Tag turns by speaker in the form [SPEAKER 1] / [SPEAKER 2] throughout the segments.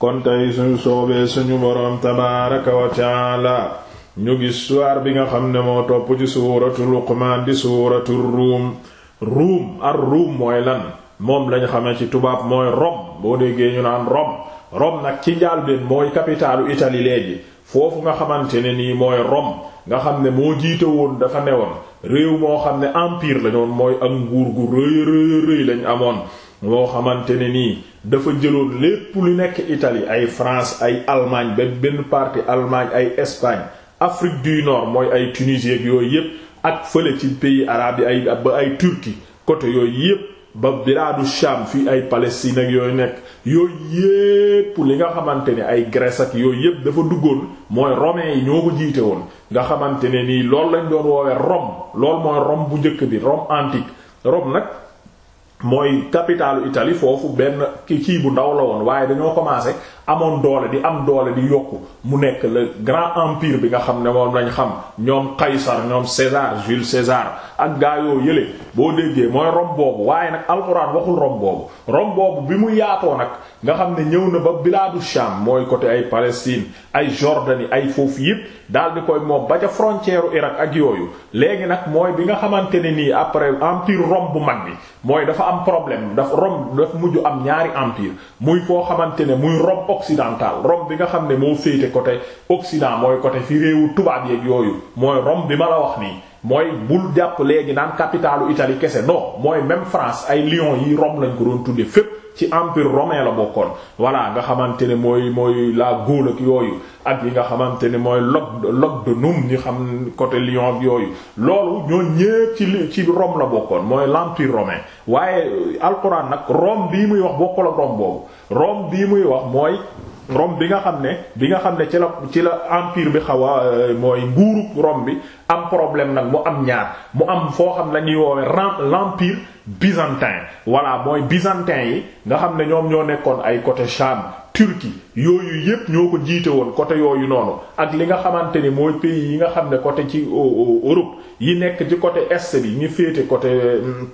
[SPEAKER 1] kon tey suñu soobee suñu boroom tabaaraka wa taala ñu gis suwaar bi nga xam ne moo topp ci suuratu luqmaan di suuratu ruum ruum ar ruum mooy lan moom lañ xamee ci tubaab mooy Rome boo déggee ñu naan Rome Rome nag ci njaalbeen mooy capitalu Italie léegi foofu nga xamante ne nii mooy Rome nga xam ne moo jiite woon dafa newoon réew moo xam ne empire la ñoon mooy ak nguur gu rëy rëy rëy lañ amoon loo xamante ne nii dafa jëloon lépp lu nekk Italie ay France ay Allemagne ba benn partie Allemagne ay Espagne Afrique du Nord mooy ay Tunisie ak yooyu yépp ak fële ci pays arabe yi ay ba ay turki côté yooyu yépp ba biraadu Sham fii ay Palestine ak yooyu nekk yooyu yépp li nga xamante ne ay Grèce ak yooyu yépp dafa duggoon mooy romains yi ñoo ko jiite woon nga xamante ne nii loolu lañ doon woowee Rome loolu mooy Rome bu njëkk bi Rome antique Rome nag mooy capitalu itali foofu benn kii bu ndaw la woon waaye dañoo commencé amoon doole di am doole di yokku mu nekk le grand empire bi nga xam ne moom lañ xam ñoom Qaysar ñoom César Jules César ak gaayoo yële boo déggee mooy Rome boobu waaye nag alxuraan waxul Rome boobu Rome boobu bi mu yaatoo nag nga xam ne ñëw na ba biladu Sham mooy côté ay Palestine ay Jordanie ay foofu yëpp daal di koy moom ba ca frontière u ak yooyu léegi nag mooy bi nga xamante ne nii après empire Rome bu mag bi mooy dafa am problème daf Rome daf mujj am ñaari empire occidental Rome bi nga xam ne moo féete côté occident mooy côté fi réewu tubaab yeeg yooyu mooy Rome bi ma la wax nii mooy bul jàpp léegi naan capitalu Italie kese non mooy même France ay Lyon yi Rome lañ ko doon tudde fépp ci empire romain la bokkoon voilà nga xamante ne mooy mooy la Gaule yooyu ak yi nga xamante ne mooy log log de Num ñi xam côté lion yooyu loolu ñoo ñépp ci ci Rome la bokkoon mooy l'empire romain waaye alxuraan nag Rome bii muy wax bokkul ak Rome boobu Rome bii muy wax mooy Rome bi nga xam ne bi nga xam ne ci la ci la empire bi xaw a euh, mooy nguuru Rome bi am problème nag mu am ñaar mu am foo xam la ñuy woowee l'empire byzantin voilà mooy byzantin yi nga xam ne ñoom ñoo nekkoon ay côté Cham Turquie yooyu yépp ñoo ko jiite woon côté yooyu noonu ak li nga xamante ni mooy pays yi nga xam ne côté ci Europe yi nekk ci côté est bi ñu féete côté. Euh,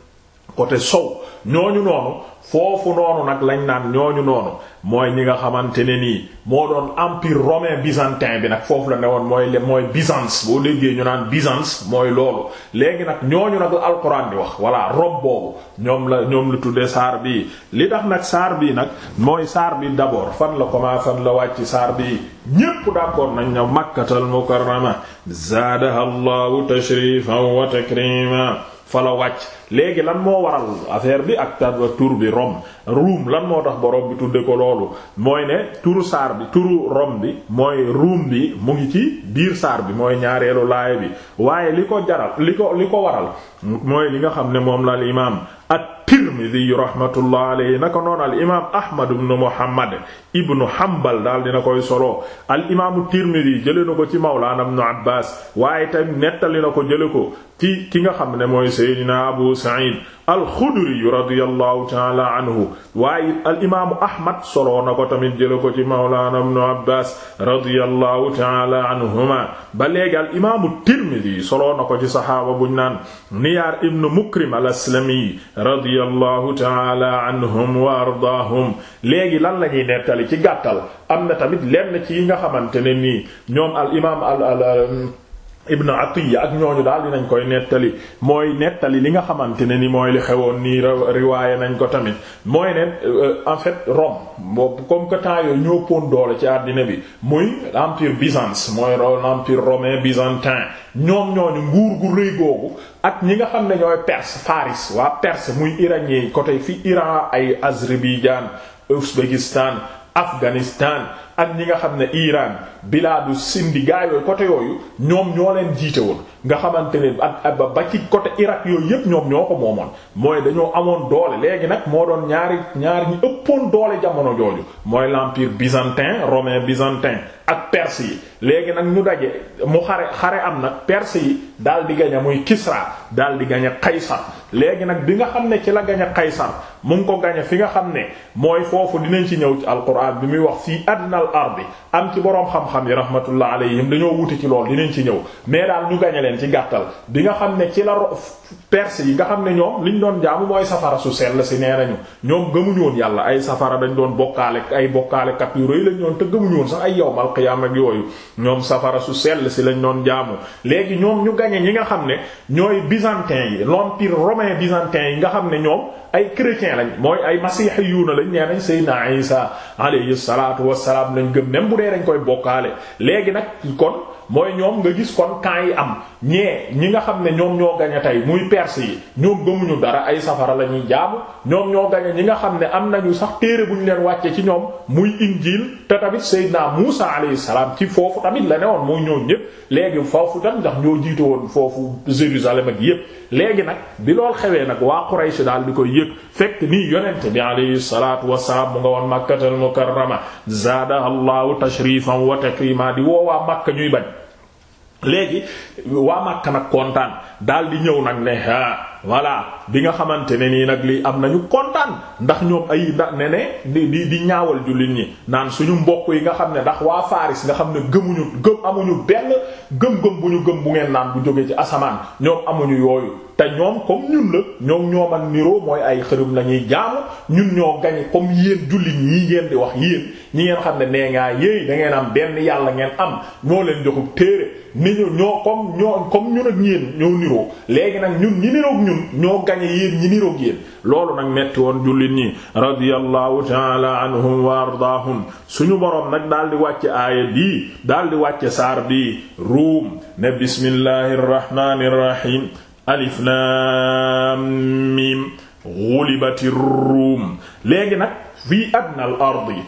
[SPEAKER 1] côté sow ñooñu noonu foofu noonu nag lañ naan ñooñu noonu mooy ñi nga xamante ne nii moo doon empire romain byzantin bi nag foofu la ne woon mooy mooy Byzance boo déggee ñu naan Byzance mooy loolu léegi nag ñooñu nag la alxuraan di wax voilà rob boobu ñoom la ñoom la tuddee saar bii li tax nag saar bii nag mooy saar bi d'abord fan la commencé fan la wàcc saar bii ñépp d'accord nañ na makkatal mukarrama zaadaha allahu tashrifan wa takrima fa wàcc léegi lan moo waral affaire bi ak ta tur bi rom ruum lan moo tax borom bi tudde ko loolu mooy ne turu saar bi turu rom bi mooy ruum bi mu ngi ci biir saar bi mooy ñaareelu laaya bi waaye li ko jaral li ko li ko waral mooy li nga xam ne moom la al imaam at-Tirmidhi rahmatullah alayhi naka noonu al imaam Ahmad ibn Muhammad ibn Hanbal daal dina koy solo al imaamu Tirmidhi jëlee na ko ci Mawlana ibn Abbas waaye tamit nettali na ko jëlee ko ci ki nga xam ne mooy Seydina Abu Sa'id alxudriyu radiyallahu taala anhu waaye al imaamu ahmad soloo na ko tamit jële ko ci mawlaana ibnu abbas radiyallahu taala anhuma ba léegi al imaamu tirmidi soloo na ko ci saxaaba buñ naan niyaar ibnu mukrim al aslami radiyallahu taala anhum wa ardaahum léegi lan la ñuy nettali ci gàttal am na tamit lenn ci yi nga xamante ne nii ñoom al imaam al al ibn Atiyya ak ñooñu daal dinañ koy nettali mooy nettali li nga xamante ne ni mooy li xewoon nii riwaaye nañ ko tamit mooy ne euh, en fait Rome boobu comme que temps yooyu ñoo poon doole ci àddina bi muy l'empire Byzance mooy l'empire romain byzantin ñoom ñooñu nguur gu rëy googu ak ñi nga xam ne ñooy Perse Faris waa Perse muy iranien côté fi Iran ay Azerbaïdjan Ouzbékistan Afghanistan ak ñi nga xam ne Iran bilaadu sindi gaa yooyu côté yooyu ñoom ñoo leen jiite woon nga xamante ne ak ba ci côté Irak yooyu yépp ñoom ñoo ko moomoon mooy dañoo amoon doole léegi nag moo doon ñaari ñaari ñi ëppoon doole jamono jooju mooy l'empire byzantin romain byzantin ak perse yi léegi nag ñu daje mu xare xare am nag perse yi daal di gañe muy Kisra daal di gañe Qaysar léegi nag bi nga xam ne ci la gañe Qaysar mu ngi ko gañe fi nga xam ne mooy foofu dinañ ci ñëw ci alquran bi muy wax fii adnal ardi am xam yi rahmatullah alayhim dañoo wuti ci lool dinañ ci ñëw mais daal ñu gañe leen ci gàttal bi nga xam ne ci la perse yi nga xam ne ñoom liñ doon jaamu mooy safara su sell si nee nañu ñoom gëmuñu woon yàlla ay safara dañ doon bokkaale ay bokkaale yu rëy lañ doon te gëmuñu woon sax ay yawmal qiyaam su sell si lañ doon jaamu léegi ñoom ñu gañe ñi nga xam ne ñooy byzantin yi l'empire romain byzantin yi nga xam ne ñoom ay chrétien lañ mooy ay masihiyuuna lañ nee nañ sayyidina Isa alayhi salaatu wassalaam lañ gëm même bu dee dañ koy bokkaale faale léegi nag kon mooy ñoom nga gis kon camp yi am ñee ñi nga xam ne ñoom ñoo gañe tey muy perse yi ñoom gëmuñu dara ay safara la ñuy jaamu ñoom ñoo gañe ñi nga xam ne am na ñu sax téere bu ñu leen wàcce ci ñoom muy injiil te tamit Seydina Muusa alayhi salaam ci foofu tamit la ne woon mooy ñoo ñëpp léegi foofu tam ndax ñoo jiite woon foofu Jérusalem ak yépp léegi nag bi lool xewee nag waa Quraysh daal bi koy yëg fekk nii yonent bi alayhi salaatu wassalaam mu nga woon Makkatal Mukarrama zaadaha Allahu tashrifan wa takrima di woowaa Makka ñuy bañ léegi waa Makka nag kontaan daal di ñëw nag ne ah voilà bi nga xamante ne nii nag lii am nañu kontaan ndax ñoom ay da ne ne di di ñaawal jullit ñi naan suñu mbokk yi nga xam ne ndax waa Faris nga xam ne gëmuñu gëm amuñu benn gëm-gëm bu ñu gëm bu ngeen naan bu jógee ci asamaan ñoom amuñu yooyu te ñoom comme ñun la ñoom ñoom ak niroo mooy ay xërëm la ñuy jaamu ñun ñoo gañe comme yéen jullit ñi ngeen di wax yéen ñi ngeen xam ne nee ngaa yéey da ngeen am benn yàlla ngeen am ñoo leen joxub téere ni ñu ñoo comme ñoo comme ñun ak niroo ñun ñoo gañe yéen ñi niroog loolu nag metti jullit ñi radiyallahu taala suñu boroom nag daal di wàcce aaya bii daal di wàcce saar bii ruum ne bismillahir rahmanir rahim alif lam mim ghulibatir ruum nag fii adna al ardi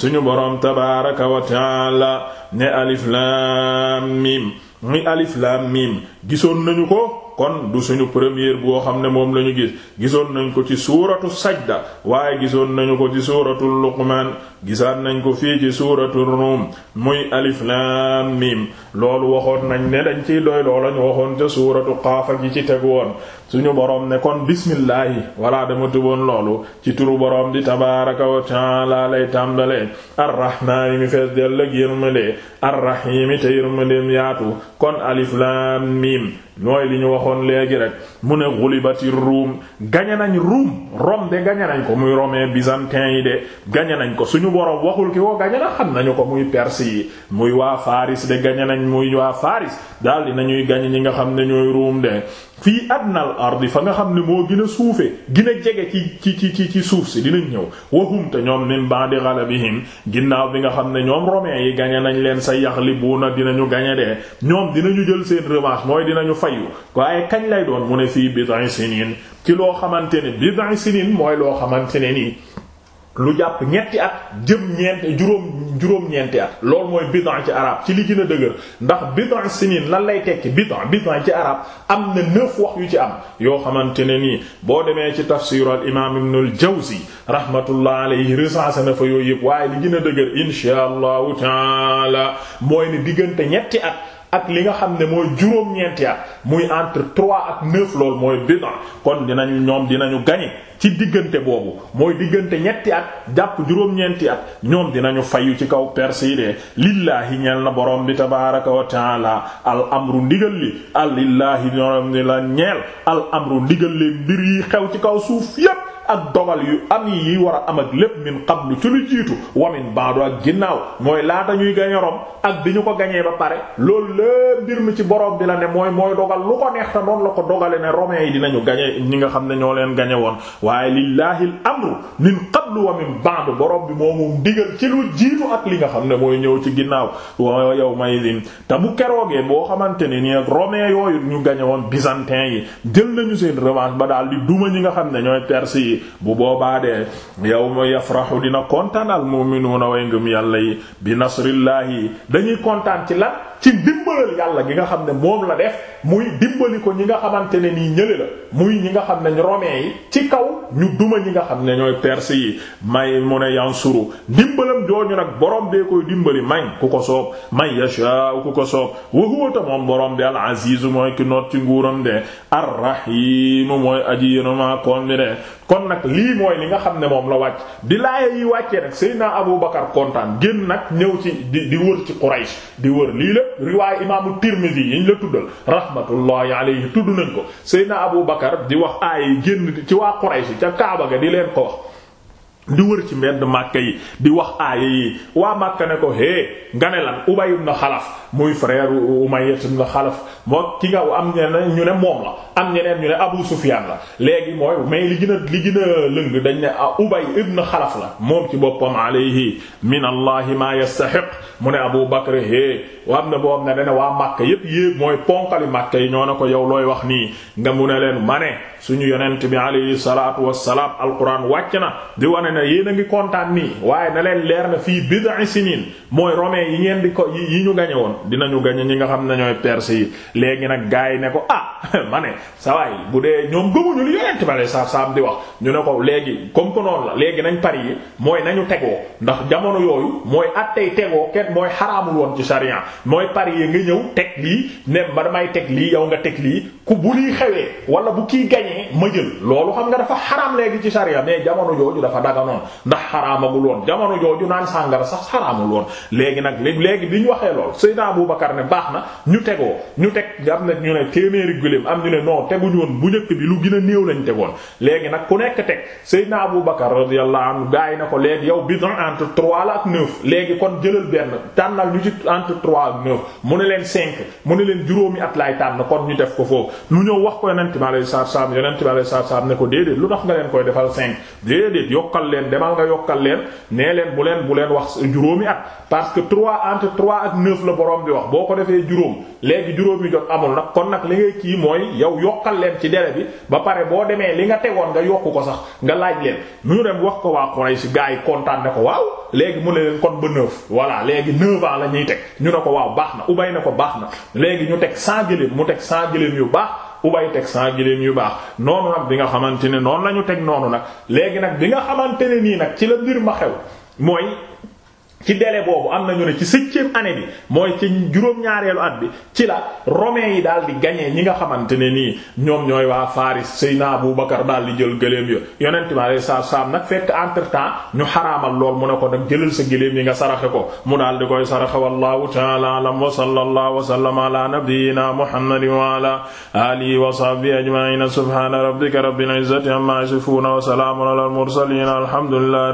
[SPEAKER 1] suñu boroom muy alif laam miim gisoon nañu ko kon du suñu première boo xam ne moom la ñu gis gisoon nañ ko ci suuratu sajda waaye gisoon nañu ko ci suuratu luqmaan gisaat nañ ko fii ci suuratu ruum muy alif laam miim loolu waxoon nañ ne dañ ciy doy loola ñu waxoon ca suuratu qaaf yi ci tegu woon suñu boroom ne kon bismillaahi walaa dama tëboon loolu ci turu boroom di tabaaraka wa taala lay tàmbalee arrahmaani mi fees dell ak yërmande arrahiimi te yërmandeem yaatu kon alif lam mim ñooy li ñu waxoon léegi rek mu ne xulibati ruum gañe nañ ruum rom de gañe nañ ko muy romain byzantin yi de gañe nañ ko suñu borom waxul ki ko gañe nañu ko muy perse yi muy waa faris de gañe nañ muy waa faris daal di nañuy gañe ñi nga xam ne ñooy ruum de fii adnal ardi fa nga xam ne moo gën a suufe gën a jege ci ci ci ci suuf si dinañ ñëw wahum te ñoom min ba'di ghalabihim ginnaaw bi nga xam ne ñoom romain yi gañe nañ leen sa yaxlibuuna dinañu gañe de ñoom dinañu jël seen revanche mooy dinañu fayu waaye kañ lay doon mu ne fii bid'i sinin ci loo xamante ne bid'i sinin mooy loo xamante ne nii lu jàpp ñetti at jëm ñeent juróom juróom-ñeenti at loolu mooy bid'a ci arab ci li gën a dëgër ndax bid'a si lan lay tekki bid'a bid'a ci arab am na neuf wax yu ci am yoo xamante ne nii boo demee ci tafsiru al imam ibn al jawzi rahmatullah alayhi recensé na fa yooyu yëpp waaye li gën a dëgër insha allahu taala mooy ne diggante ñetti at ak li nga xam ne mooy juróom-ñeenti at muy entre trois ak neuf lool mooy bida kon dinañu ñoom dinañu gañe ci diggante boobu mooy diggante ñetti at jàpp juróom-ñeenti at ñoom dinañu fayu ci kaw perse yi de lillaahi ñeel na borom bi tabaaraka wa taala al amru ndigal li al lillaahi ñoom ni la ñeel al amru ndigal li mbir yi xew ci kaw suuf yépp ak dogal yu am yi war a am ak lépp min qablu ci lu jiitu wamin baadu ak ginnaaw mooy laata ñuy gañe Rome ak bi ñu ko gañee ba pare loolu lépp mbir mi ci borom bi la ne mooy mooy dogal lu ko neex te noonu la ko dogale ne romains yi dinañu gañe ñi nga xam ne ñoo leen gañe woon waaye lillahi al amru min qablu wa min ba'd borom bi moo moom digal ci lu jiitu ak li nga xam ne mooy ñëw ci ginnaaw wa yow may din te bu keroogee boo xamante ne nii ak yooyu ñu gañe woon byzantins yi jël nañu seen revanche ba daal di duma ñi nga xam ne ñooy perse yi bu boobaa de yawma yafrahu dina kontaan al mu'minuuna way ngëm yàlla yi bi nasrillaahi dañuy kontaan ci lan ci dimbalal yàlla gi nga xam ne moom la def muy dimbali ko ñi nga xamante ne nii ñële la muy ñi nga xam ne romain yi ci kaw ñu duma ñi nga xam ne ñooy perse yi may mu ne yansuru dimbalam jooju nag borom bee koy dimbali may ku ko soob may yasha ku ko soob wa moom borom bi al aziz mooy ki ci nguuram de ar mooy aji nag lii mooy li nga xam ne moom la wàcc di laaya yi wàccee nag Seydina Abu Bakar kontaan génn nag ñëw ci di di wër ci Quraysh di wër lii la riwaay imaamu Tirmidhi yi ñu la tuddal rahmatullahi alayhi tudd nañ ko Seydina Abu Bakar di wax aaya yi génn ci waa Quraysh ca Kaaba ga di leen ko wax di wër ci mbedd Màkka yi di wax aaya yi waa Màkka ne ko hee nga ne lan Ubay ibn Xalaf muy frère Umayya ibn Xalaf moo ki nga am ñeneen ñu ne moom la am ñeneen ñu ne Abu Sufyaan la léegi mooy mais li gën a li a lëng dañ ne ah, Ubay ibn Xalaf la moom ci boppam alayhi min allahi ma yastahiq mu ne Abu Bakr hee am na boo am ne dane waa Màkka yépp yépp mooy ponkali Màkka yi ñoo ne ko yow looy wax nii nga mu ne leen ma ne suñu yonent bi alayhi salaatu wassalaam alquran wàcc na mooy na yéen a ngi kontaan nii waaye na leen leer na fii bid'i sinin mooy romain yi ngeen di ko yi ñu gañe woon dinañu gañe ñi nga xam ne ñooy perse yi léegi nag gars yi ne ko ah ma ne sa bu dee ñoom gëmuñu li yonent bale sa saam di wax ñu ne ko léegi comme que noonu la léegi nañ pari yi mooy nañu tegoo ndax jamono yooyu mooy attey tegoo kenn mooy xaraamul woon ci sharia mooy pari yi nga ñëw teg lii ne ma damay teg lii yow nga teg lii k bu lii naka noonu ndax xaraamagul woon jamono jooju naan sàngara sax xaraamul woon léegi nag léegi bi ñu waxee lool Seydina Abubakar ne baax na ñu tegoo ñu teg am na ñu ne téeméeri gëléem am ñu ne non teguñu woon bu njëkk bi lu gën a néew lañ tegoon léegi nag ku nekk teg Seydina Abubakar radiyallahu anhu gaay na ko léegi yow bidon entre trois la ak neuf léegi kon jëlal benn tànnal ñu ci entre trois ak neuf mu ne leen cinq mu ne leen juróomi at laay tànn kon ñu def ko foofu mu ñëw wax ko yonent bi alayhi salaatu salaam yonent bi alayhi salaatu ko déedéet lu tax nga leen koy defal cinq déedéet yokkal leen demal nga yokkal leen nee leen bu leen bu leen wax juróomi at parce que trois entre trois ak neuf la boroom bi wax boo ko defee juróom léegi juróom yi jot amul nag kon nag li ngay kii mooy yow yokkal leen ci délai bi ba pare boo demee li nga tegoon nga yokku ko sax nga laaj leen mu ñu dem wax ko waa Quraysh gaa yi kontaan ne ko waaw léegi mu ne leen kon ba neuf voilà léegi neuf ans la ñuy teg ñu ne ko waaw baax na ubay na ko baax na léegi ñu teg cent gëléem mu teg cent gëléem yu baax ubay teg cent giléem yu baax noonu nag bi nga xamante ne noonu la ñu teg noonu nag léegi nag bi nga xamante ne nii nag ci la mbir ma xew mooy ci délai boobu am na ñu ne ci septième année bi mooy ci juróom-ñaareelu at ci la romain yi daal di gagné ñi nga xamante ne nii ñoom ñooy waa Faris na Abu Bakar daal di jël gëléem yo yonent ma sa saam nag fekk entre temps ñu xaraamal lool mu ne ko nag jëlal sa gëléem yi nga saraxe ko mu daal di koy saraxe wallahu ta'ala alam wa sallallahu wa sallama ala nabiyyina muhammadin wa ala alihi wa sahbihi ajma'in subhana rabbika rabbil izzati amma yasifun wa salamun alal mursalin alhamdulillah